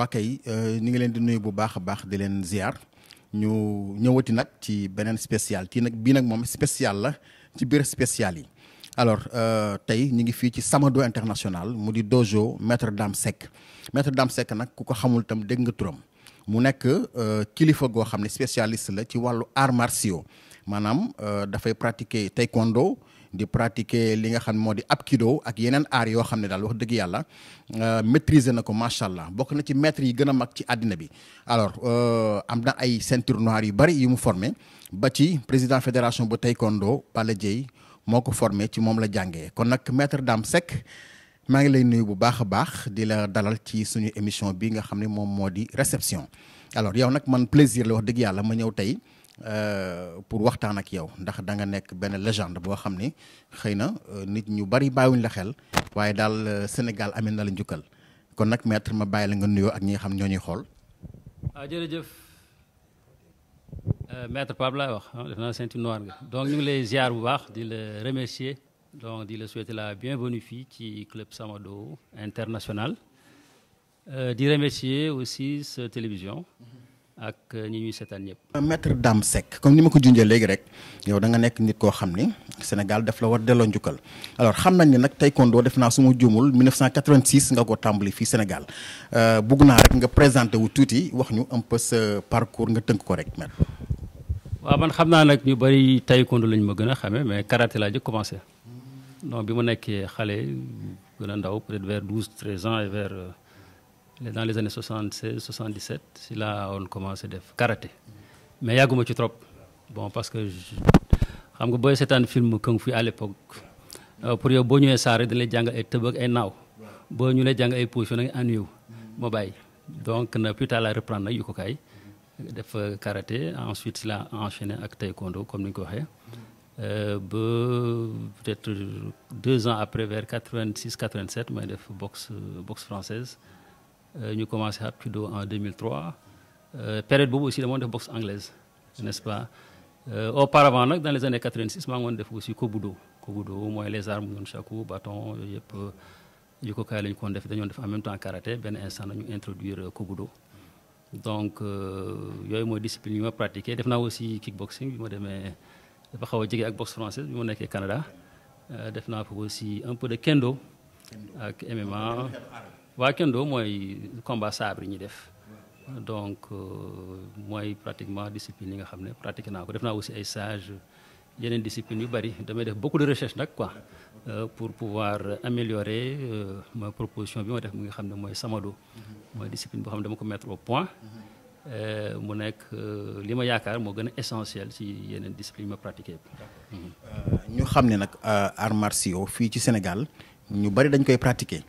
waa kay euh, ñu ngi leen di nuyu bu baax a baax di leen ziar ñu ñëwati nag ci beneen spécial kii nag bii nag moom spécial la ci biir spécial yi alors euh, tey ñu ngi fii ci sama Samado International mu di dojo maître Dame Seck maître Dame Seck nag ku ko xamul tam dégg nga turam mu nekk euh, kilifa goo xam ne spécialiste la ci wàllu arts martiaux maanaam dafay pratiquer taekwondo di pratiquer li nga xam moo di ab kido ak yeneen aar yoo xam ne daal wax dëgg yàlla euh, maîtriser na ko macha allah bokk na ci maître yi gën a mag ci àddina bi. alors euh, am na ay ceinture noire yu bari yu mu formé ba ci président fédération bu taekwondo Balla Dieye moo ko formé ci moom la jàngee kon nag maître daam Seck maa ngi lay nuyu bu baax a baax di la dalal ci suñu émission bi nga xam ne moom moo di réception alors yow nag man plaisir la wax dëgg yàlla ma ñëw tey. Euh, pour waxtaan ak yow ndax da nga nekk benn légende boo xam ni xëy na euh, nit ñu bari bàyyiwuñ la xel waaye daal euh, Sénégal amee na la njukkal kon nag maître ma bàyyi la nga nuyoo ak ñi nga xam ñoo ñuy xool. waaw ah, jërëjëf maître Pape laay wax ah, def naa donc ñu ngi lay ziar bu baax di la remercier donc di la souhaiter la bienvenue fii ci club Samado international di remercier aussi sa télévision. Mm-hmm. ak ñi ñuy seetaan ñëpp. maître Dame Seck comme ni ma ko junjee léegi rek yow da nga nekk nit koo xam ni Sénégal daf la war delloo njukkal alors xam nañ ne nag taekwondo def naa su ma juumul 1986 nga ko tàmbali fii Sénégal euh, bugg naa rek nga présenté wu tuuti wax ñu un peu sa parcours nga tënk ko rek maître. waa man xam naa nag ñu bëri taekwondo lañ ma gën a xamee mais karaté laa jëkk commencé non bi mu nekkee xale gën a ndaw peut-être vers 12 ans dans les années 76 77 si laa woon commencé def karaté mais yàgguma ci trop bon parce que xam nga booy seetaan film kung fu à l'époque euh, pour yow boo ñëwee saare dañ lay jàngal ay tëb ay naaw boo ñu lay jàngal ay position da yi ennuyewu ma donc na plus tard la reprendre nag yu ko def karaté ensuite si la enchaîné ak taekwondo comme ni ñu ko waxee euh, ba peut-être deux ans après vers 86 87 may def boxe boxe française Euh, ñu commencé ab judo en 2003 euh, période boobu aussi dama def boxe anglaise n'est-ce pas euh, auparavant nag dans les années maa ngoon def aussi kobudo kobudo mooy les armes ñoon chaku bâton yooyu yëpp yu ko kaay la ñu koon def def en même temps karaté benn instant nañu introduire kobudo donc yooyu mooy discipline yi ma def naa aussi kickboxing bi ma demee dafa xaw a jege ak boxe française bi ma nekkee Canada def naa fa aussi un peu de kendo ak MMA waa kendo mooy combat sabre ñi def donc euh, mooy pratiquement discipline li nga xam ne pratique naa ko def naa aussi ay stage yeneen discipline yu bëri damay def beaucoup de recherche nag quoi euh, pour pouvoir améliorer euh, ma proposition bi ma def mu nga xam ne mooy samado mooy discipline boo xam ne dama ko mettre au point mu nekk li ma yaakaar moo gën a essentiel si yeneen discipline ma pratiquer bi ñu xam ne nag arts martiaux fii ci Sénégal ñu bëri dañ koy pratiquer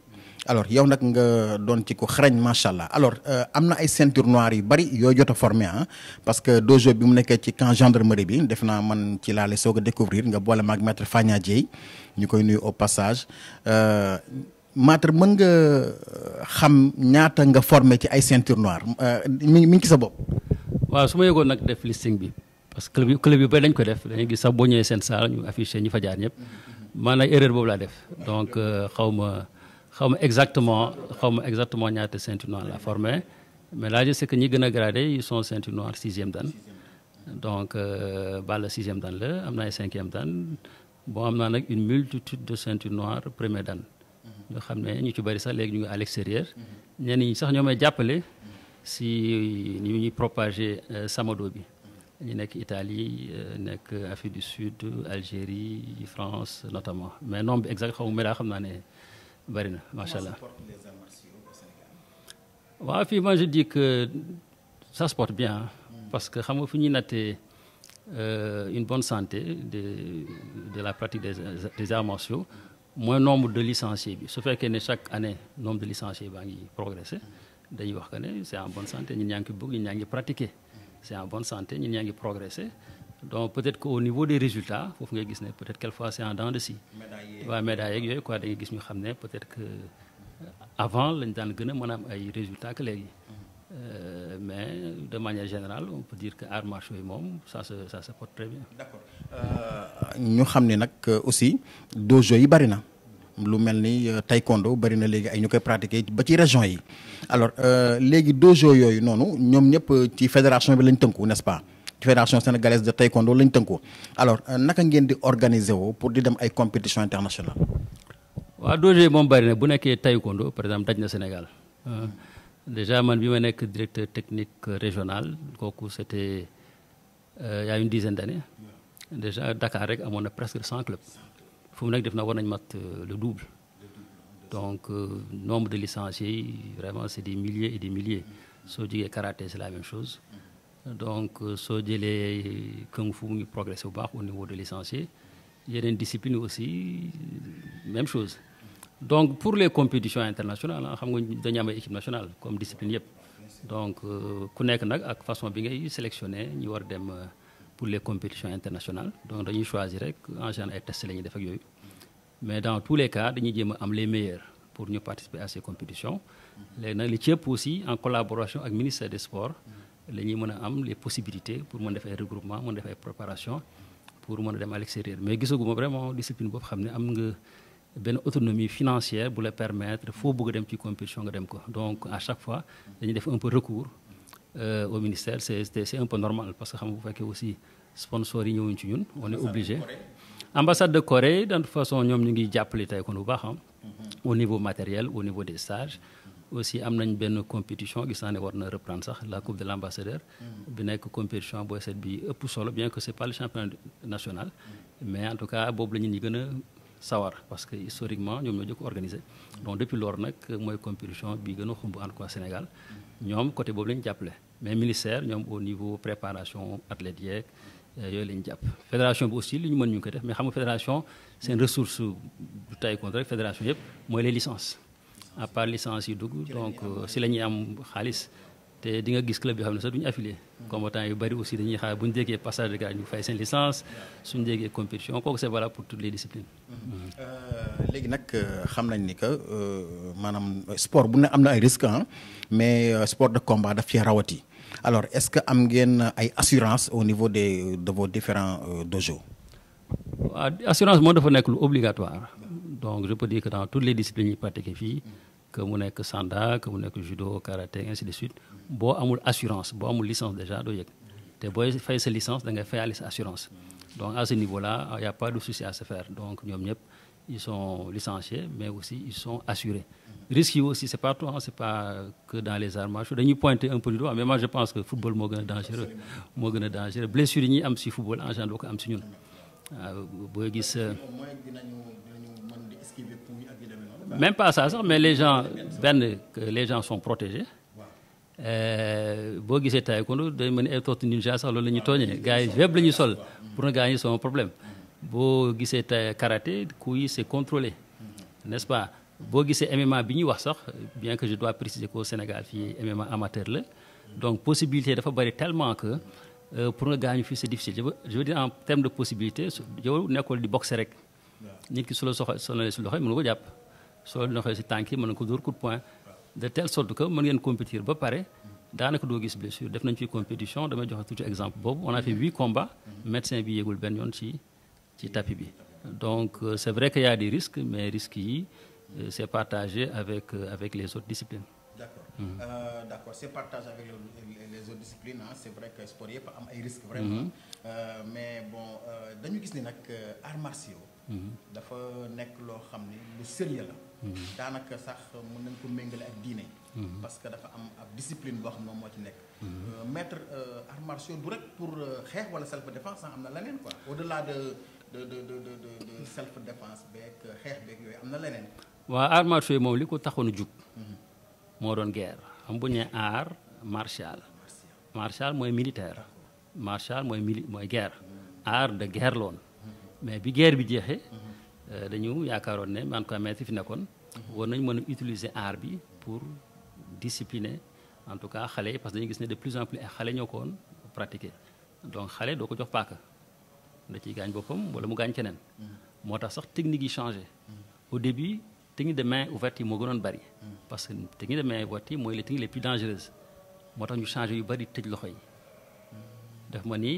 alors yow nag nga doon ci ko xarañ macha allah alors euh, am na ay ceinture noire yu bari yoo jot a formé ah parce que dojo bi mu nekkee ci camp gendarmerie bi def naa man ci laale soog a découvrir nga boole maag maître Fagna ñu koy nuyu au passage euh, maître mën nga euh, xam ñaata nga formé ci ay ceinture noire mi mi ngi ci sa bopp. waaw su ma yëgoon nag def listing bi parce que club yu club yu bari dañ ko def dañuy gis sax boo ñëwee seen saal ñu affiché ñu fa jaar ñëpp maanaam erreur boobu laa def donc xaw ma. xaw ma exactement xaw ma exactement ñaata ceinture noire la formé mais là je sais que ñi gën a gradé ils sont ceinture noire sixième dan donc euh, Balla sixième dan la am na ay cinquième dan bon am naa nag une multitude de ceinture noire premier dan nga xam ne ñu ci bëri sax léegi ñu ngi à l'extérieur ñenn ñi sax ñoo may jàppale si ñu ñuy propager euh, samado bi ñu nekk Italie euh, nekk Afrique du Sud Algérie France notamment mais nombre exact xaw ma daa xam naa ne bari na macha allah. waaw fii moi je dis que ça se bien parce que xam nga fu ñuy nattee euh, une bonne santé de de la pratique des des arts martiaux mooy nombre de licenciés bi su fekkee ne chaque année nombre de licenciés baa ngi progressé dañuy wax que ne c' est en bonne santé ñun ñaa ngi ko bëgg ñun ñaa ngi pratiqué c' est bonne santé ñun ñaa ngi progressé. donc peut-être que au niveau des résultats foofu ngay gis ne peut-être quelquefois c'est en dents de scie. médailles waaw yooyu quoi da ngay gis ñu xam ne peut-être que euh, avant lañ daan gën a mën a am ay résultats que léegi. Euh, mais de manière générale on peut dire que arts martiaux yi moom sa se sa se porte très bien. Euh, ñu xam ne nag euh, aussi dojo yi bari na. lu mel ni taekwondo bari na léegi ay ñu koy pratiquer ba ci région yi alors léegi dojo yooyu noonu ñoom ñëpp ci fédération bi lañ tënku n'est-ce pas. fédération sénégalaise de taekwondo lañ tënkoo alors euh, naka ngeen di organiser woo pour di dem ay compétition internationale waaw doole moom bari na bu nekkee taekwondo par exemple daj na Sénégal euh, déjà man bi ma nekk directeur technique régional kooku c'était euh, il y a une dizaine d'années déjà Dakar rek amoon na presque cent clubs fu mu nekk def na war nañ mat le double donc nombre de licenciés yi vraiment c'est des milliers et des milliers soo jugee karaté c'est la même chose donc euh, soo jëlee kung fu mu ngi progressé bu baax au niveau de licencié yeneen discipline aussi même chose donc pour les compétitions internationales ah, xam nga dañu am ay équipe nationale comme discipline yëpp donc euh, ku nekk nag ak façon bi ngay sélectionné ñu war dem euh, pour les compétitions internationales donc dañu choisir rek en général ay tests la ñuy def yooyu mais dans tous les cas dañuy jëm a am les meilleurs pour ñu participer à ces compétitions léegi nag li ci ëpp en collaboration ak ministère des sports la ñuy mën a am les possibilités pour mën def ay regroupement mën def ay préparation pour mën a dem à l'extérieur mais gisaguma vraiment discipline boobu xam ne am nga benn autonomie financière bu la permettre foo bëgg dem ci compétition nga dem ko donc à chaque fois dañuy def un peu recours euh, au ministère c'est parce que xam bu fekkee aussi sponsors yi ñëwuñ ci ñun on est obligé ambassade de Corée de façon ñoom ñu ngi jàppale tey kon bu baax au niveau matériel au niveau des stages aussi am nañ benn compétition gis naa ne war na reprendre sax la coupe de l' ambassadeur. Mm-hmm. bi nekk compétition booy seet bi ëpp solo bien que c' est le championnat mm-hmm. mais en tout cas boobu la ñu gën a sawar parce que historiquement ñoom ñoo jëkk organiser. Mm-hmm. donc depuis loolu nag mooy compétition bi gën a xumb en quoi Sénégal. ñoom côté boobu la jàppale mais ministère ñoom au niveau préparation athlètes yeeg euh, yooyu la ñu jàpp fédération bi aussi li ñu mën ñu ko def mais xam nga fédération seen ressource du taekwondo rek fédération yëpp mooy les à part licence yi dugg euh, si la ñuy am xaalis te di nga gis club yoo xam ne sax du ñu affilié hmm. combattant yu bari aussi dañuy xaar bu ñu déggee passage de grade ñu fay seen licence suñu déggee compétition kooku c'est valable pour toutes les disciplines hmm. Hmm. Euh, léegi nag euh, xam nañ ni que maanaam sport bu ne am na ay risques ah mais sport de combat daf ci rawati alors est-ce que am ngeen ay assurance au niveau des de vos différents dojos waaw assurance moom dafa nekk lu obligatoire donc je peux dire fii que mu nekk sanda que mu nekk judo karaté ainsi de suite boo amul assurance boo amul licence déjà doo te booy fay sa licence da ngay assurance donc à ce niveau là y a pas de souci à se faire donc ñoom ñëpp ils sont licenciés mais aussi ils sont assurés risques aussi c'est partout c'est pas que dans les arts martiaux dañuy pointer un peu du mais moi je pense que football moo gën a dangereux moo gën blessure yi am si football en général même pas ça sax mais les gens benn que les gens sont protégés euh, boo gisee taekwondo day mel ni ay tortue ninja sax loolu la ñuy tooñee gars yi web la ñuy sol pour nga gagner son problème boo gisee tay karaté coup yi c'est contrôlé n'est-ce pas boo gisee MMA bi ñuy wax sax bien que je dois préciser qu'au Sénégal fii MMA amateur la donc possibilité dafa bari tellement que euh, pour nga gaañu fii c'est difficile je veux dire en termes de possibilité yow nekkul di boxe rek nit ki su la soxla sonalee su loxo ko jàpp soo doxee si tànk yi mën na ko dóor coup de poing de telle sorte que mën ngeen compétir ba pare daanaka doo gis blessure def nañ ci compétition damay joxe tuuti exemple boobu on a fait huit combats médecin bi yéegul benn yoon ci ci tapis bi donc euh, c' est vrai que y a des risques mais risques yi euh, c' est partagé avec euh, avec les autres disciplines d' d' accord c' est partagé avec les autres disciplines ah c' est vrai que mhm. mais bon dañu gis ni nag arts martiaux mhm. dafa nekk loo xam ni lu sérieux la daanaka sax mën nañ ko méngale ak diine. Mhm. parce que dafa am ab discipline boo xam moom moo ci nekk. Mhm. Euh, maître euh, arts martiaux du rek pour euh, xeex wala self sax am na leneen quoi au delà de de de de am na leneen. waaw arts martiaux moom li ko taxoon a jug. Mhm. moo doon guerre xam bu ñu nee art martial. mooy militaire. martial mooy mili mooy guerre. art de guerre loon mais bi guerre bi jeexee. Euh, dañu yaakaaroon ne man ko maître fi nekkoon mhm. war nañ mën a utiliser art bi pour discipliner en tout cas xale yi parce que dañu gis ne de plus en ay xale ñoo ko woon pratiquer donc xale doo ko jox paaka da ciy gaañ boppam wala mu gaañ keneen mhm. moo tax sax technique yi changé mhm. au début technique de main ouverte yi moo gënoon bari parce que technique de main ouverte yi mooy les techniques les plus dangereuses moo tax ñu changé yu bari tëj loxo yi daf ma ni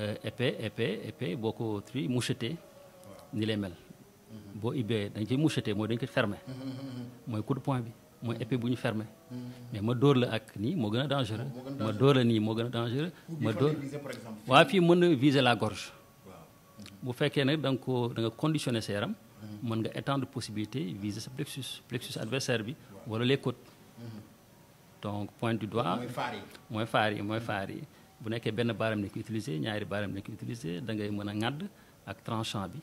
euh, épée boo ko tri ni lay mel boo ibbee dañ ciy moucheté mooy dañ ko fermé mooy coup point bi mooy épée bu ñu fermé mais ma dóor la ak nii moo gën a dangereux ma dóor la nii moo gën a dangereux ma dóor waaw fii mën na viser la gorge bu fekkee nag da ko da nga conditionné sa yaram mën nga étan étendre possibilité viser sa plexus plexus adversaire bi wala les côtes donc point du doigt mooy faar yi mooy faar yi bu nekkee benn baaram ne ko utiliser ñaari baaram ne utiliser da ngay mën a ŋàdd ak tranchant bi.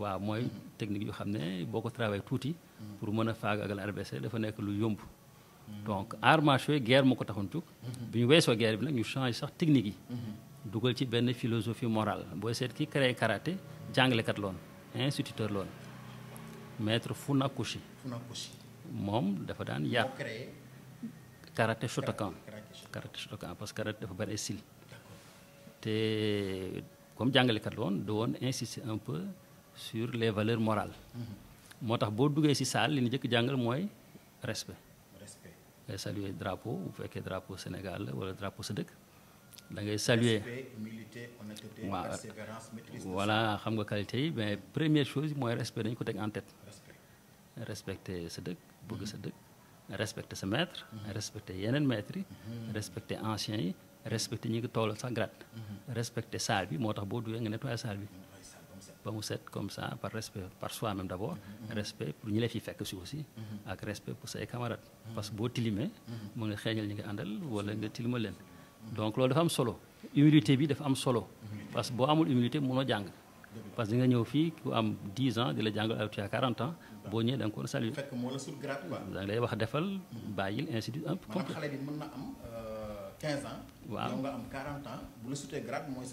waaw mooy mm-hmm. technique yoo xam ne boo ko travaillé tuuti. Mm-hmm. pour mën a faagaagal RBC dafa nekk lu yomb. Mm-hmm. donc arts martiaux yooyu guerre moo ko taxoon jóg. bi ñu weesoo guerre bi nag ñu changé sax technique yi. dugal ci benn philosophie morale booy seet ki créé karaté jàngalekat loon instituteur loon maître Funakoshi. Funakoshi moom dafa daan yar. karaté Shotokan karaté Shotokan parce que karaté dafa bëri style. te comme jàngalekat la woon du woon insister un peu sur les valeurs morales. Mm-hmm. moo tax boo duggee ci saal li ñu njëkk jàngal mooy respect. respect ngay saluer drapeau bu fekkee drapeau Sénégal la wala drapeau sa dëkk. da ngay saluer respect humilité honnêteté xam nga qualité yi mais première chose mooy respect dañu ko teg en tête. respecter sa dëkk bëgg sa mm-hmm. dëkk. respecter sa maitre mm-hmm. respecter yeneen maîtres yi. respecter anciens yi. respecté ñi ngi tool sax grade mhm. respecté salle bi moo tax boo duggee nga nettoyé salle bi ba mu set comme ça par respect par soi même d' abord mhm. respect pour ñi la fi fekk si aussi mhm. ak respect pour say camarades parce que boo tilimee mu nga xeeñal ñi nga àndal wala nga tilima leen donc loolu dafa am solo humilité bi dafa am solo parce que boo amul humilité mënoo jàng parce que di nga ñëw fii ku am 10 di la jàngal ay tuuti à 40 boo ñëwee da nga ko wax defal de suite. maanaam 15 ans. waaw yow nga am 40 ans bu la sutee grade mooy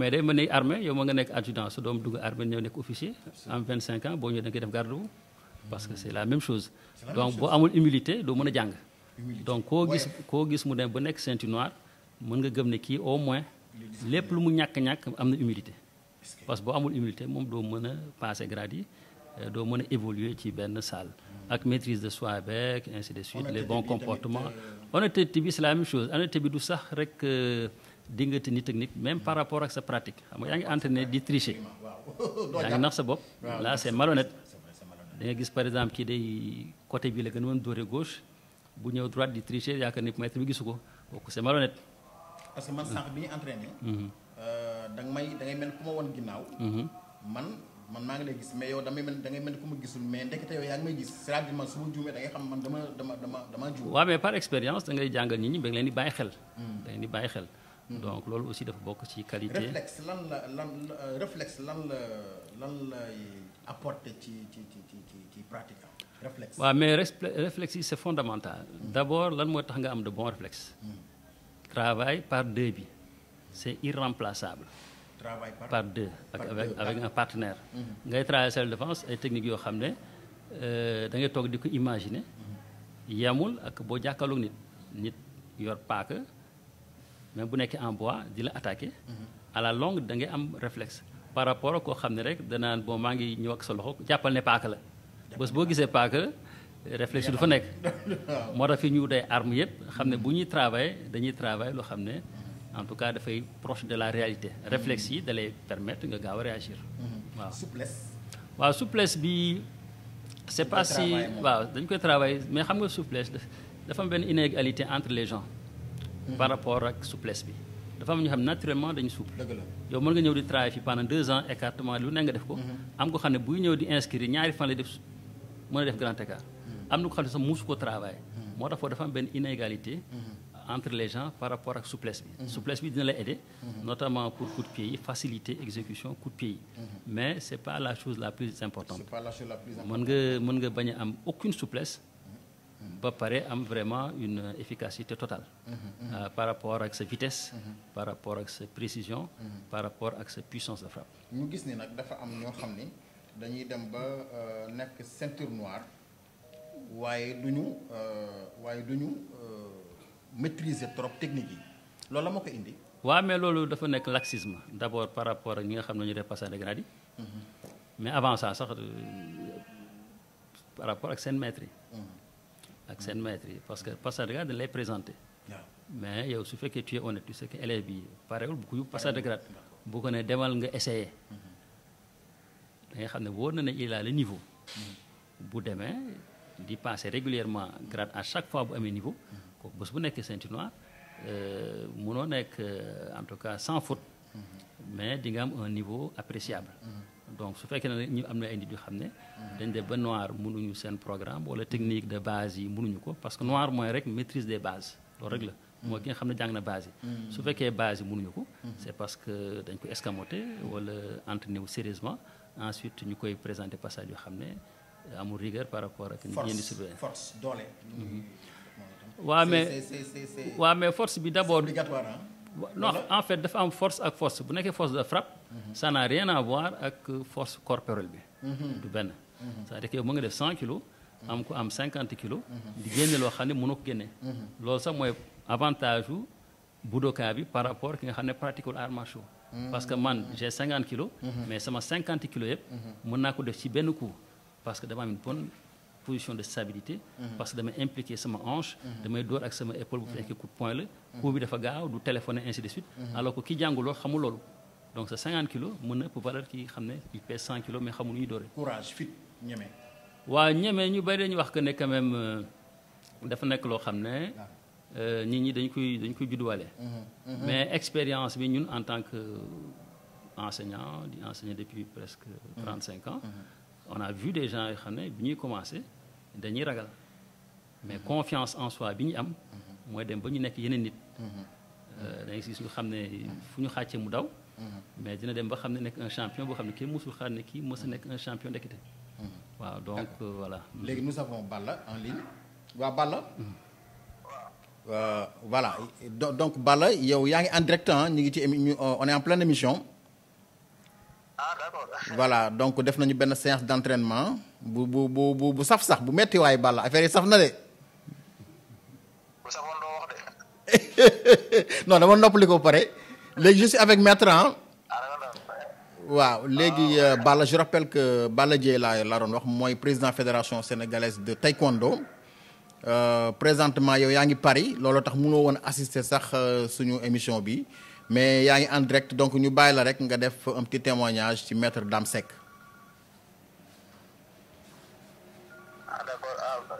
mais day mel ni armée yow ma nga nekk adjudant sa doom dugg armée ñëw nekk officier. am 25 ans boo ñëwee da nga def garde parce que c' est la même chose. La donc boo amul humilité doo mën a jàng. donc koo gis koo gis mu dem ba nekk ceinture noire mën nga gëm ne kii au moins lépp lu mu ñàkk ñàkk am na humilité. parce que boo amul humilité moom doo mën a passé grade yi euh, doo mën a évoluer ci benn salle. ak maîtrise de soi beeg ainsi de suite les bons comportement euh, honnêteté bi c'est la même chose honnêteté bi du sax rek euh, dingati nit ak nit même par rapport ak sa pratique xam nga yaa ngi entraîné di tricher yaa ngi nax sa bopp là c'est malhonnête da gis par exemple kii dey côté bi la gën a mën dóore gauche bu ñëw droite di tricher yaakaar ni maître bi gisu ko kooku c'est malhonnête parce que man sànq bi ñu entraîné mhm. euh, da nga may da mel ku ma woon ginnaaw mhm. man maa ngi lay gis mais yow damay mel da ngay mel ku ma gisul mais ndekete yow yaa ngi may gis c'est-à-dire man su ma juumee da xam man dama dama dama dama juum. waaw mais par expérience da ngay jàngal nit ñi da nga leen di bàyyi xel. Hmm. di bàyyi xel. Hmm. donc loolu aussi dafa bokk ci qualité. réflexe lan la lan réflexe lan la lan lay apporter ci ci ci ci ci pratique am réflexe. waaw mais réflexe yi c'est fondamental. Hmm. d'abord lan moo tax nga am de bon réflexes. travail par deux bi c'est irremplaçable. travail par, par deux avec, avec, un partenaire mhm. ngay travailler self défense ay techniques yoo xam ne euh, da ngay toog di ko imaginer mhm. yemul ak boo jàkkaarloog nit nit yor paaka mais bu nekkee en bois di la attaqué mhm. à la longue da ngay am réflexe par rapport ak koo xam ne rek danaan bon maa ngi ñëw ak sa loxo jàppal ne paaka la bés boo gisee paaka réflexe du fa nekk moo tax fi ñu day arme yëpp xam ne bu ñuy travailler dañuy travailler loo xam ne en tout cas dafay proche de la réalité réflexe yi da lay permettre nga gaaw a réagir mm-hmm. waaw souplesse waaw souplesse bi c'est pas si waaw dañ koy travailler mais xam nga souplesse dafa am benn inégalité entre les gens mm-hmm. par rapport ak souplesse bi dafa am ñoo xam naturellement dañu souple yow mën nga ñëw di travailler fi pendant deux ans écartement lu ne nga def ko mm-hmm. am ko xam ne buy ñëw di inscrire ñaari fan lay def mën a def grand écart am na ko xam ne sax entre les gens par rapport ak souplesse bi. Mhm. souplesse bi dina la aider. Mhm. notamment pour coup de pied yi faciliter exécution coup de pied mhm. mais c' est pas la chose la plus importante. c' est la chose la plus importante mën nga mën nga bañ a am aucune souplesse. ba pare am vraiment une efficacité totale. Euh, par rapport ak sa vitesse. par rapport ak sa précision. par rapport ak sa puissance de frappe. ñu gis ni nag dafa am ñoo xam ne dañuy dem ba euh, nekk ceinture noire waaye du maîtriser trop technique yi loolu la moo ko indi. waa mais loolu dafa nekk laxisme d' abord par rapport ak ñi nga xam ne ñu def passage de grade yi. Mm-hmm. mais avant ça sax euh, par rapport ak seen maître yi. Mm-hmm. ak seen yi parce que passage de grade dañ lay présenté. mais yow su fekkee tu es honnête tu sais que élève bi parewul bu ko passage de grade bu ko ne demal nga essayer mm-hmm. da nga xam ne wóor na ne il a le niveau. bu demee di passer régulièrement grade à chaque fois bu amee niveau. kooku bés bu nekkee Saint-Tinois euh, mënoo nekk euh, en tout cas sans faute mm-hmm. mais di nga am un niveau appréciable mm-hmm. donc su fekkee ne ñu am na indi nit xam ne mm-hmm. dañ def ba noir munuñu seen programme wala technique de base yi munuñu ko parce que noir mooy rek maîtrise des bases loolu rek la mooy ki nga xam ne jàng na base yi su fekkee base yi mënuñu ko c'est parce que dañ ko escamoté wala entraîné wu sérieusement ensuite ñu koy présenté passage yoo xam ne amul rigueur par rapport ak ñi di surveiller waaw mais force bi d' abord non en fait dafa am force ak force bu nekkee force de frappe mhm. ça n'a rien à ak force corporelle bi mhm. du benn mhm. c'est-à-dire que yow mu nga def cent kilos am ko am cinquante kilos di génne loo xam ne mënoo ko génne loolu sax mooy avantage u budoka bi par rapport ki nga xam ne pratiqueul arts martiaux parce que man j'ai cinquante kilos mais sama cinquante kilos yëpp mën naa ko def ci benn coup parce que dama am une bonne position de stabilité. Mhm. parce que damay impliqué sama hanche. Mhm. damay door ak sama épaule bu fekkee coup de la. Mhm. coup bi dafa gaaw du téléphoner ainsi de suite. alors que ki jàngul xamul loolu. donc sa 50 kilos mën na ëpp valeur ki xam ne il pèse 100 kilos mais xamul nu ñuy dooree. courage fit ñeme. waaw ñeme ñu bari dañu wax que ne quand euh, dafa nekk loo xam ne. Ah. Euh, nit ñi dañ koy dañ koy judduwaale. mais expérience bi ñun en tant que enseignant di enseigner depuis presque on a vu des gens yoo xam ne bi ñuy commencé dañuy ragal mais mm-hmm. confiance en soi bi ñu am mm-hmm. mooy dem ba ñu nekk yeneen nit mm-hmm. euh, da ngay gis xam ne fu ñu xàccee mu daw mais dina dem ba xam ne nekk un champion boo xam ne kenn mësul xaar ne kii mës nekk un champion ndekete waaw donc euh, voilà léegi nous avons Balla en ligne waa Balla euh, voilà donc Balla yow yaa ngi en direct ñu ngi ci émi ah voilà donc def nañu benn séance d'entraînement bu bu bu bu saf sax bu metti waay Balla affaire yi saf na de. bu safoon doo wax de. non pare léegi je suis avec maître ah. ah waaw léegi ah, euh, Balla je rappelle que Balla Dieye laa la doon wax mooy président fédération sénégalaise de taekwondo euh, présentement yow yaa ngi Paris looloo tax mënoo woon assister sax euh, suñu émission bi. mais yaa ngi en direct donc ñu bàyyi la rek nga def un petit témoignage ci maître Dame Seck. ah d'accord ah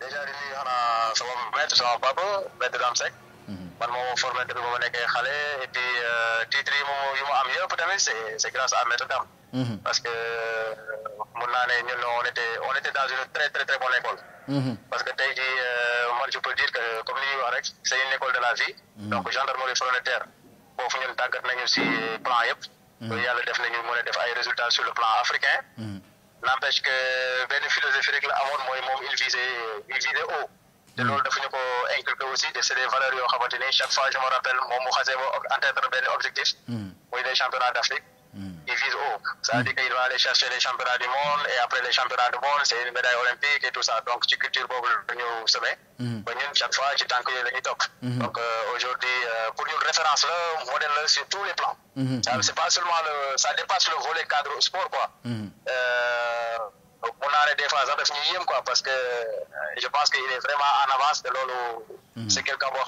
déjà di nuyu xanaa sama maître sama papa maître Dame Seck. Mhm. man moom moo formé depuis nekkee xale et euh, titre yi moom yu ma am yëpp tamit c'est grâce à maître Dame. Mhm. parce que euh, mun naa ne ñun on était on était dans une très très très école. Mhm. parce que tey jii euh, man je peux dire que comme ni ñuy wax rek c'est une école de la vie. donc gendarmerie frontière. foofu ñun tàggat nañu si plan yëpp. Mm. yàlla def nañu mën a def ay résultats sur le plan africain. Mm. n'empêche que benn philosophie rek la amoon mooy moom il visait il visait haut. te mm. loolu dafa ko inculqué aussi te c'est des valeurs yoo xamante ni chaque fois je me rappelle moom mu xasee ba en tête benn objectif. muy des championnats d'Afrique. ils visent o Ça veut dire hmm. qu'ils vont aller chercher les championnats du monde et après les championnats du monde, c'est une médaille olympique et tout ça. Donc, ci culture boobu la ñu semé. Hmm. chaque fois ci tànk yooyu la ñuy topp. Hmm. donc euh, aujourd'hui euh, pour ñun référence la modèle sur tous les plans. c'est pas seulement le volet cadre sport quoi. mun naa ne des fois sax daf ñuy parce que euh, je pense qu'il est vraiment en avance de loolu c'est quelqu'un boo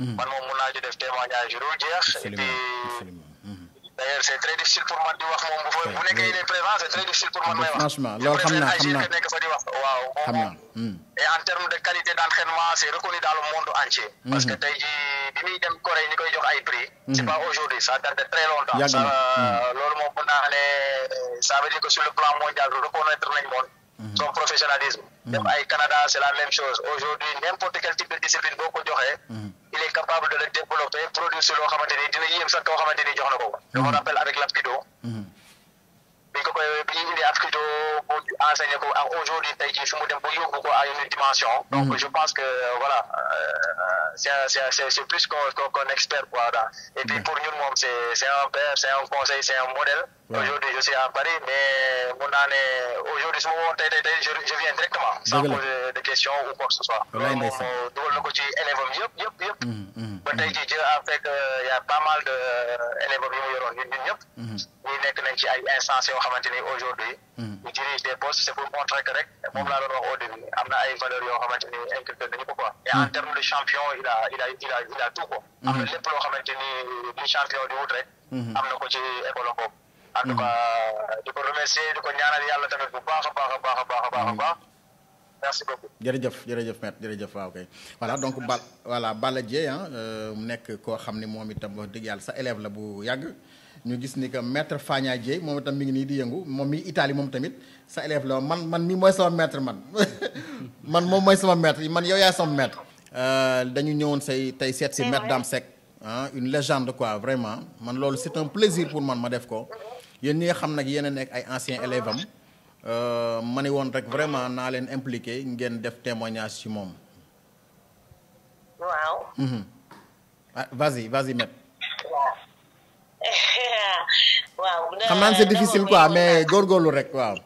Mhm. man moom mun naa ci def témoignage yu dul jeex. et puis mhm. d' très difficile pour man di wax moom bu fa bu nekkee très difficile pour man may wax. franchement loolu xam naa xam naa nekk fa di wax waaw. xam naa mhm. et en terme de qualité d' entraînement reconnu dans le monde entier. parce que tey jii bi muy dem Corée koy jox ay prix. c' est pas aujourd'hui ça date très longtemps. Euh, loolu moom mun naa ne ça veut dire que sur le plan mondial reconnaître nañ moom. son professionnalisme. ay Canada c' la même chose boo ko joxee. il est capable de le développer produire si loo xamante ni dina yéem sax koo jox na ko. je ah me rappelle avec l'Apkido. Mm-hmm. bi ko koy bi ñu indi Apkido pour ko ak aujourd'hui tey jii fi donc mm-hmm. je pense que euh, voilà euh, euh, c'est c'est c'est plus qu'un expert quoi et puis pour ñun moom c'est c'est un père c'est un conseil c'est un modèle. aujourd'hui je suis à Paris mais mun naa ne aujourd'hui su ma woon tey tey directement sans poser de question ou quoi ce soit loolu euh, moom dugal na ko ci élève am yëpp yëpp yëpp mhm, mhm, ba tey ci Dieu a fait que euh, a pas mal de euh, élève yi mu yoroon ñun ñun ñëpp mhm. ñu nekk nañ ci ay instances yoo xamante ni aujourd'hui ñu dirige des postes c'est pour montrer que rek moom laa doon wax au am na ay valeurs yoo xamante ni inculqué nañu ko quoi et en termes a il a il a am na lépp loo ni champion di wut rek am na ko ci en tout cas di ko remercier di jërëjëf jërëjëf maître jërëjëf waaw kay voilà donc bal voilà Balla Dieye euh, mu nekk koo xam ni moom itam wax dëgg yàlla sa élève la bu yàgg ñu gis ni que maître Fagna Dieye moom itam mi ngi nii di yëngu moom mi Italie moom tamit sa élève la man man mii mooy sama maître man moom mooy sama maître man yow yaay sama maître euh, dañu ñëwoon say tey seet si eh maître Dame Seck ah une légende quoi vraiment man loolu c'est un plaisir pour man ma def ko yéen ñi nga xam nag yéen a nekk ay anciens élèves am euh, ma ne woon rek vraiment naa leen impliqué ngeen def témoignage ci moom. waaw. Mhm. ah vas met. waaw. xam naa c'est difficile quoi mais góorgóorlu rek waaw.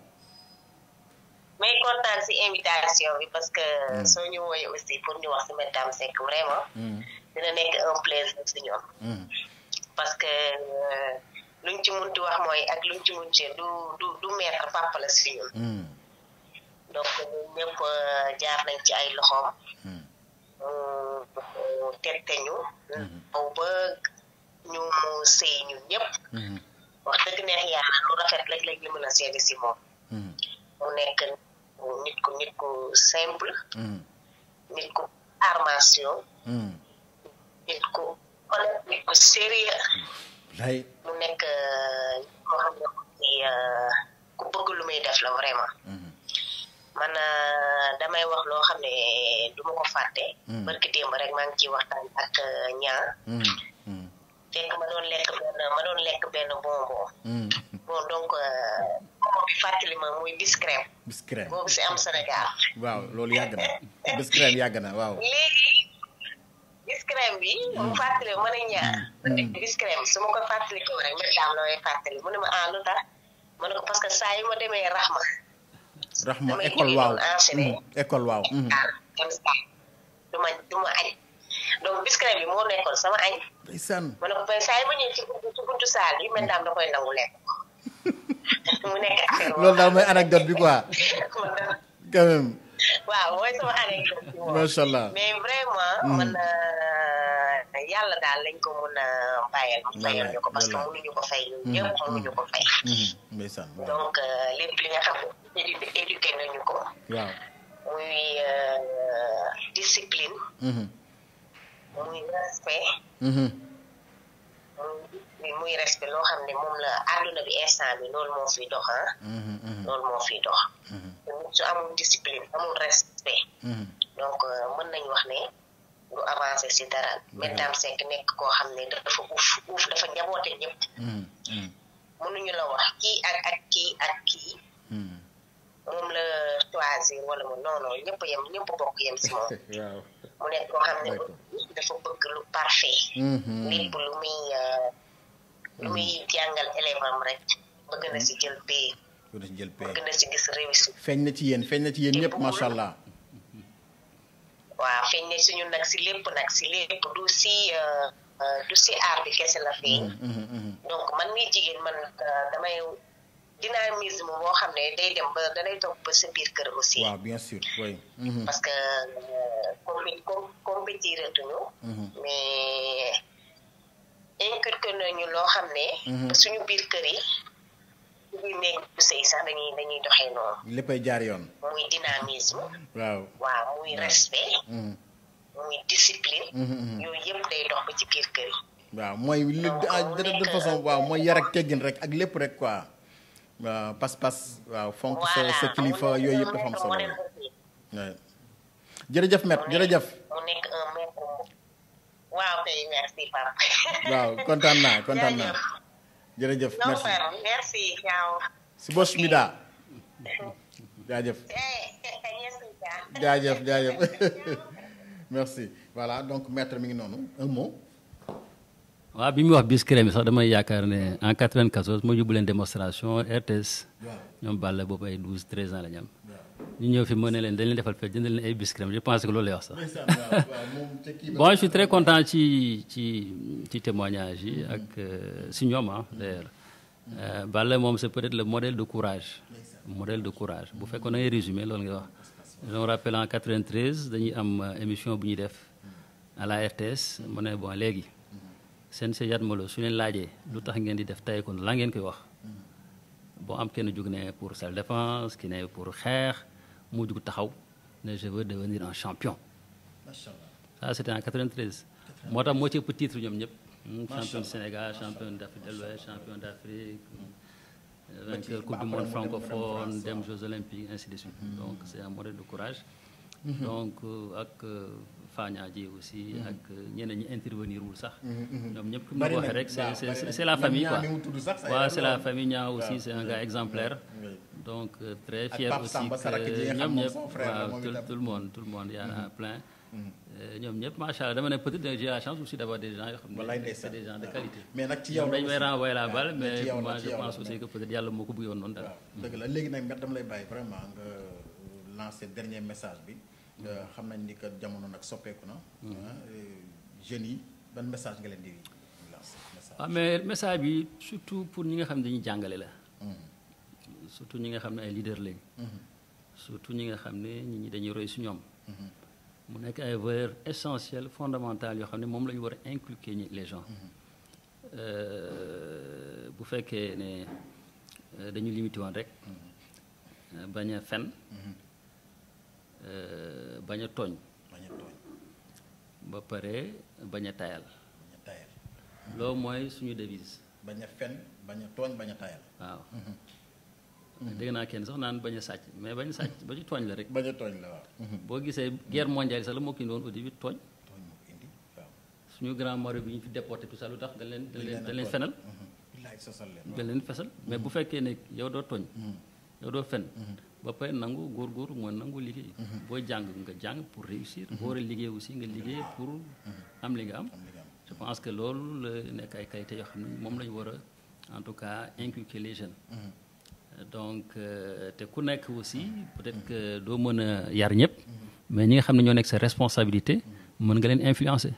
mais kontaan si invitation bi parce que. Mhm. soo ñu wooyee aussi pour ñu wax si Maître Dame vraiment. Mhm. dina nekk un plaisir si ñoom. parce que. Euh, lu ci munti wax mooy ak luñ ci munti du du du maître papa la si ñun. Hmm. donc euh, jaar nañ ci ay loxoom. Hmm. mu tette ñu. ndaw hmm. ba ñu mu sëy ñun ñëpp. wax neex yàlla rafet rek lañ mën a seede si moom. nekk nit ku simple. nit ku armation. nit ku honnête mu nekk moo euh, xam ne euh, ku bëgg lu may def la vraiment. Mm-hmm. man euh, damay wax loo xam ne du ma ko fàtte. Mm-hmm. barki démb rek maa ngi ciy waxtaan ak ñaar. Mm-hmm. fekk ma doon lekk benn ma doon lekk benn bonbon. bon donc moom bi muy biscrème. biscrème boobu si am Sénégal. waaw loolu yàgg na biscrème yàgg na waaw. crème bi mm. mu fàttali mën ñaar mm. ma ko fàttali ko rek mën daam la may mu ne ma ah lu ma ne ko parce que saa yu ma demee raxma raxma mm, école waaw ah, enchaîné añ donc bis bi moo nekkoon sama añ ndeysaan ma ne ko saa yu ma ñëw ci ci buntu saal yi mën daam mu nekk loolu daal bi quoi quand waaw mooy sama anecdote ci moom macha mais vraiment mm. man euh, yàlla daal lañ ko mën a bàyyal mu fayal ñu ko parce que mënuñu ko fay ñun mm-hmm, ñëpp mënuñu ko fay mm-hmm. Mm-hmm. donc euh, lépp li nga xam ne éduqué nañu ko muy euh, discipline muy respect muy muy respect loo xam ne moom la àdduna bi instant bi loolu moo fiy dox ah. mhm, mhm. loolu moo fi doxa mhm. nit su amul discipline amul respect. donc euh, mën nañ wax ne du avancé si dara. mais Dame nekk koo xam ne dafa uuf uuf dafa njaboote ñëpp. mënuñu la wax kii ak ak kii ak kii. yem ñëpp bokk yem si moom. mu nekk koo xam ne dafa bëgg lu parfait. lépp muy. Euh, lu mm. muy jàngal élève am rek bëgg na si jël pay bëgg na si jël pay si feeñ na ci yéen feeñ na ci yéen ñëpp macha allah waaw feeñ na si ñun nag si lépp nag si lépp du si euh, euh, du si aar la feeñ mm-hmm, mm-hmm, mm-hmm. donc man mii jigéen man euh, damay dynamisme boo xam ne day dem ba danay toog ba sa biir kër aussi. parce que compé mais inculqué nañu loo xam ne. Mhm. suñu biir kër yi. sax dañuy dañuy noonu. léppay jaar yoon. muy dynamisme. waaw muy respect. Mhm. muy discipline. Mhm, yooyu yëpp day dox ba ci biir kër yi. waaw mooy li ah, de de façon waaw mooy yar ak teggin rek ak lépp rek quoi. waaw pas-pas. fonk sa sa kilifa yooyu yëpp dafa am solo. jërëjëf maître jërëjëf. waaw kay kontaan naa kontaan naa. jërëjëf merci merci ñaaw. si bos mi eh, eh, jaajëf. jaajëf jaajëf merci voilà donc maître mi ngi noonu un mot. bi muy wax bis crème sax damay yaakaar ne en 94 ma yóbbu leen démonstration RTS. ñoom Balla boobu ay 12 13 ans la ñu ñëw fi mën ne leen dañ defal fête jëndal leen ay biscuit je pense que loolu lay wax sax bon je suis content ci ci ci témoignage yi mm-hmm. ak euh, si ñoom ah d'ailleurs mm-hmm. euh, Balla moom c'est peut-être le model de courage modèle de courage bu mm-hmm. fekkoon da ngay résumé loolu nga wax je me rappelle dañuy am euh, émission bu ñuy def à la RTS mu ne bon léegi seen se yat malo su leen laajee lu tax ngeen di def tey kon la ngeen koy wax bon am kenn jóg ne pour self défense ki ne pour xeex moo jug taxaw ne je veux devenir un champion. macha allah ah moo tax moo ci ëpp ñoom ñëpp. champion du Sénégal champion d'Afrique de l'Ouest champion d'Afrique. vainqueur coupe du monde francophone dem Jeux olympiques ainsi de suite. Mhm. donc c'est un modèle de courage. Mhm. donc euh, ak euh, Fagna ji aussi. Mhm. ak euh, ñeneen ñi intervenir wul sax. ñoom ñëpp ku ma rek c'est la famille quoi. c'est la famille ñaa aussi c'est un gars exemplaire. donc euh, très fier aussi que ñoom ñëpp waaw tout le monde tout le monde y a mm-hmm. plein mm-hmm. Euh, ñoom ñëpp macha allah dama ne peut-être la chance aussi d'avoir des gens yoo xam ne c'est ah. ah, moo ko bëggoon noonu dara. Ah, léegi nag dama lay bàyyi nga euh, lancer dernier message bi. Mm-hmm. xam nañ ni que jamono nag soppeeku na. jeunes yi ban message nga leen di lancer. waaw mais message bi surtout pour ñi nga xam ne ñu jàngale la. surtout ñi nga xam ne ay leader lañ. Mm-hmm. surtout ñi nga xam ne nit ñi dañuy roy si ñoom. Mm-hmm. mu nekk ay valeurs essentielles fondamentales yoo xam ne moom la war a inculquer ñi les gens. Mm-hmm. Euh, bu fekkee ne euh, dañu limité woon rek. Euh, bañ fen. bañ a tooñ. bañ pare bañ a tayal. bañ a mooy suñu devise. bañ a fen bañ a tooñ bañ a waaw. dëgg naa kenn sax naan bañ a sàcc mais bañ a sàcc ba ci tooñ la rek. bañ a tooñ la mhm. boo gisee guerre mondiale sax la moo ko indi woon au début tooñ. suñu grand mari bi ñu fi déporté tout ça lu tax dañ leen. dañ leen dañ leen fenal. Mhm. dañ leen fesal mais bu mhm. fekkee ne yow doo tooñ. yow doo fen. ba pare nangu góor mooy nangu liggéey. booy jàng nga jàng pour réussir. boo war a liggéey aussi nga liggéey pour am li nga am. je pense que loolu la nekk ay qualité yoo xam ne moom la ñu war a en tout cas inculquer les jeunes. donc euh, te ku nekk aussi peut-être que doo mën a yar ñëpp mais ñi nga xam ne ñoo nekk sa responsabilité mën nga leen influencer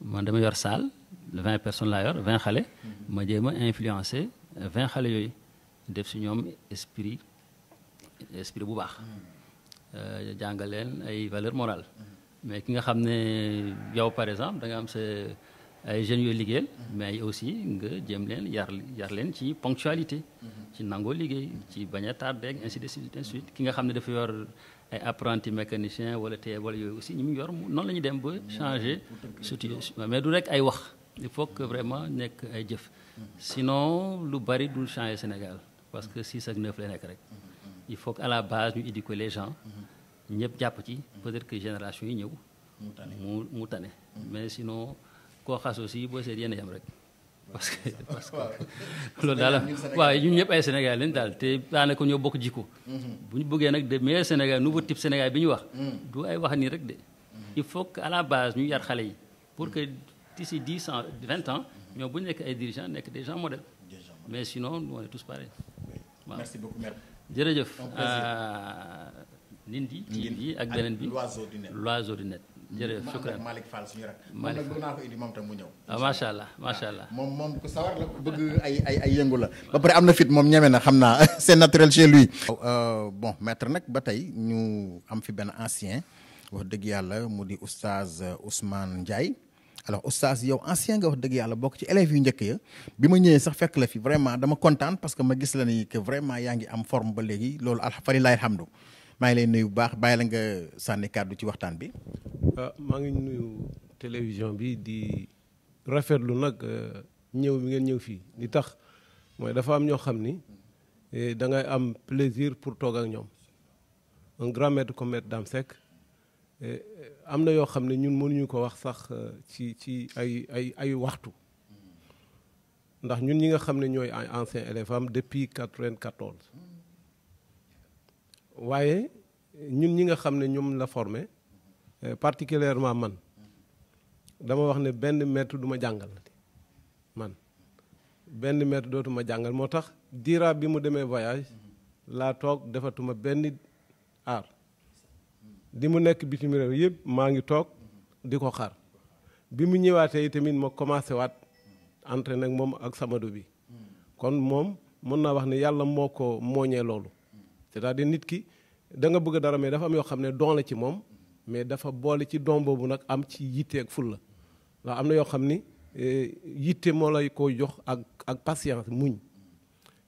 man dama yor salle vingt personnes laa yor vingt xale ma jéem a influencer vingt xale yooyu def si ñoom esprit esprit bu baax euh, jàngal leen ay valeur morale mais ki nga xam ne yow par exemple da am sa ay jeunes yooyu liggéeyal mais aussi nga jëm leen yar yar leen ci ponctualité ci nangoo liggéey ci bañ a tardé ak ainsi de suite ainsi de ki nga xam ne dafa yor ay apprenti mécanicien wala tey wala yooyu aussi ñu mu yor noonu la ñuy dem ba changer situation mais du rek ay wax il faut que vraiment nekk ay jëf sinon lu bari dul changer Sénégal parce que six ak neuf la nekk rek il faut que à la base ñu éduquer les gens ñëpp jàpp ci peut-être que génération yi ñëw mu tane koo xas aussi boo seet yenn yam rek parce que parce que loolu daal waaw ñun ñëpp ay Sénégal lañ daal te daanaka ñoo bokk jikko mhm. bu ñu bëggee nag de meilleur Sénégal nouveau type Sénégal bi ñu wax mhm. du ay wax nii rek de mhm. il faut que à la dix ans vingt ans ñoom bu nekk ay dirigeants nekk des gens mais sinon nous on est tous pareils jërëjëf euh, Ndindy TV ak beneen bi l'oiseau du net jërëjëf shukran Malick Fall suñu rak moom nag bëgg naa ko indi moom tam mu ñëw ah, macha allah macha allah moom moom ko sawar la ku bëgg ay ay ay yëngu la ba pare am na fit moom ñeme na xam naa c'est naturel chez lui oh, euh, bon maître nag ba tey ñu am fi benn ancien wax dëgg yàlla mu di oustaz euh, Ousmane Ndiaye alors oustaz yow ancien nga wax dëgg yàlla bokk ci élèves yu njëkk ya bi ma ñëwee sax fekk la fi vraiment dama kontaan parce que ma gis la ni que vraiment yaa ngi am forme ba léegi loolu alhamdulilah maa ngi lay nuyu bu baax bàyyi la nga sànni kàddu ci waxtaan bi. Ah, maa ngi nuyu télévision bi di rafetlu nag eh, ñëw bi ngeen ñëw fii li tax mooy dafa am ñoo xam ni eh, da ngay am plaisir pour toog ak ñoom un grand maître comme maître Dame Seck eh, am na yoo xam ne ñun mënuñu ko wax sax ci ci ay ay ay waxtu ndax ñun ñi nga xam ne ñooy ancien élève am depuis 94. waaye ñun ñi nga xam ne ñoom la formé euh, particulièrement man dama wax ne benn maître du ma jàngal man benn maître dootuma jàngal moo tax dira bi mu demee voyage laa toog defatuma benn aar di mu nekk bitim réew yëpp maa ngi toog di ko xaar bi mu ñëwaatee tamit ma commencé waat entraîné nag moom ak samado bi kon moom mën naa wax ne yàlla moo ko mooñee loolu c'est-à-dire nit ki da nga bëgg dara mais dafa am yoo xam ne don la ci moom mais dafa boole ci doom boobu nag am ci yitte ak la ndax am na yoo xam ni eh, yitte moo lay koo jox ak ak patience muñ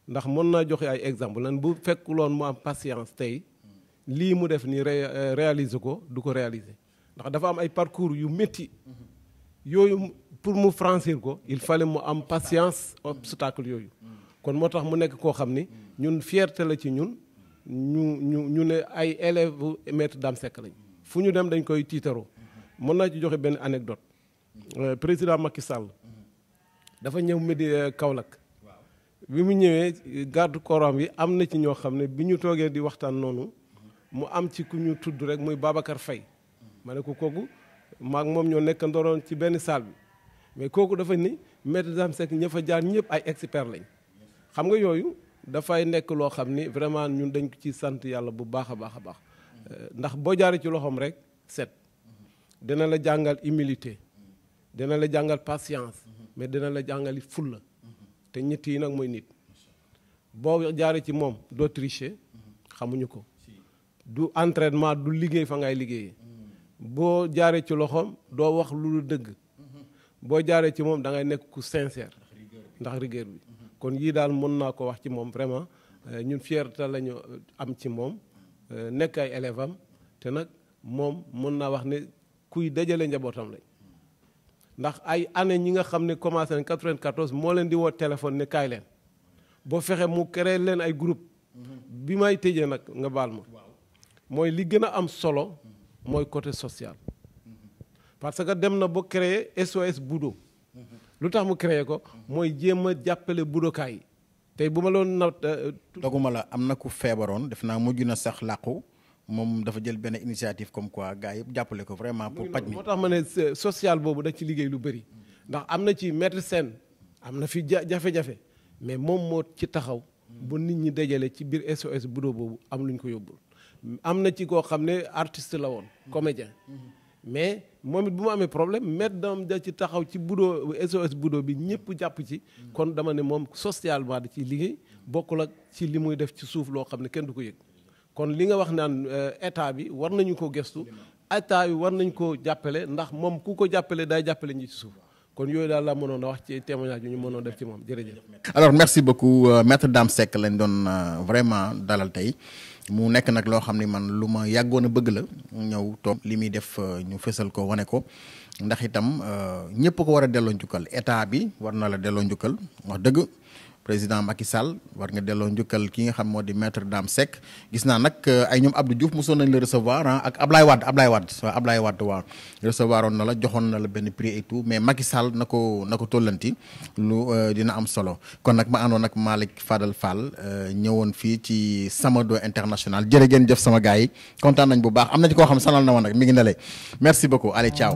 ndax mën naa joxe ay exemple lan bu fekkuloon mu am patience tey lii mu def nii euh, réaliser ko du ko réaliser ndax dafa am ay parcours yu métti yooyu pour mu franchir ko il fale mu am patience obstacle yooyu kon moo tax mu nekk koo xam ni ñun fierté la ci ñu ñu ñu ne ay élève maître Dame Seck lañ fu ñu dem dañ koy tiitaroo mën naa ci joxe benn anecdote euh, président Macky Sall dafa ñëw Medi euh, Kaolack bi mu ñëwee garde coram bi am na ci ñoo xam ne bi ñu toogee di waxtaan noonu mu am ci ku ñu tudd rek muy Babacar fay ma ne ko kooku maak moom ñoo nekk ndoroon ci benn salle bi mais kooku dafa ni maître Dame Seck a fa jaar ñëpp ay expert lañ xam nga yooyu dafay nekk loo xam ni vraiment ñun dañ ko ci sant yàlla bu baax a baax a baax euh, ndax boo jaaree ci loxoom rek set dina la jàngal humilité dina la jàngal patience mais dina la jàngali fulla te ñett yi nag mooy nit boo jaaree ci moom doo tricher xamuñu ko du entraînement du liggéey fa ngay liggéeyee boo jaaree ci loxoom doo wax lu dul dëgg boo jaaree ci moom da ngay nekk ku sincère ndax rigueur bi kon yii daal mën naa ko wax ci moom vraiment euh, ñun fierté la ñu euh, am ci moom euh, nekk ay élève te nag moom mën naa wax ne kuy dajale njabootam lañ ndax ay année ñi nga xam ne commencé nañ 94 moo leen di woo téléphone ne kaay leen boo fexe mu créé leen ay groupe mm-hmm. bi may tëjee nag nga baal ma mooy li gën a am solo mm-hmm. mooy côté social mm-hmm. parce que dem na ba créer SOS Budo lu tax mu créé ko mooy jéem a jàppale budokaay yi tey bu ma loon naw euh, doguma la am na ku feebaroon def naa mujj na sax làqu moom dafa jël bene initiative comme quoi gars yëpp jàppale ko vraiment pour paj mi moo tax ma ne social boobu da ci liggéey lu bari ndax am na ci mettre scène am na fi jafe-jafe mais moom moo ci taxaw bu nit ñi dajalee ci biir SOS budo boobu am luñ ko yóbbul am na ci koo xam ne artiste la woon comédien mais moom it bu mu amee problème maître doom da ci taxaw ci budo SOS budo bi ñëpp jàpp ci. kon dama ne moom socialement da ciy liggéey bokkul ak ci li muy def ci suuf loo xam ne kenn du ko yëg. kon li nga wax naan euh, état bi war nañu ko gestu état bi war nañu ko jàppale ndax moom ku ko jàppale day jàppale ñi ci suuf. kon yooyu daal laa mënoon a wax ci témoignage yu ñu mënoo def ci moom jërëjëf. alors merci beaucoup euh, maître Dame Seck lañ doon euh, vraiment dalal mu nekk nag loo xam ne man lu ma yàggoon a bëgg la ñëw toog li muy def euh, ñu fësal ko wane ko ndax itam euh, ñëpp ko war a delloo njukkal état bi war na la delloo njukkal wax dëgg président Macky Sall war nga delloo njukkal ki nga xam moo di maître Dame Seck gis naa nag euh, ay ñoom Abdou Diouf mosoon nañ la recevoir ah ak Ablaye Wade Ablaye Wade waaw Ablaye Wade waaw recevoir oon na la joxoon na la benn prix et mais Macky Sall na ko na ko tollanti lu euh, dina am solo kon nag ma àndoon ak Malick Fadal Fall euh, ñëwoon fii ci sama Samado International jërë ngeen jëf sama gars yi kontaan nañ bu baax am nañ koo xam sanal na woon nag mi ngi ne merci beaucoup allez ciao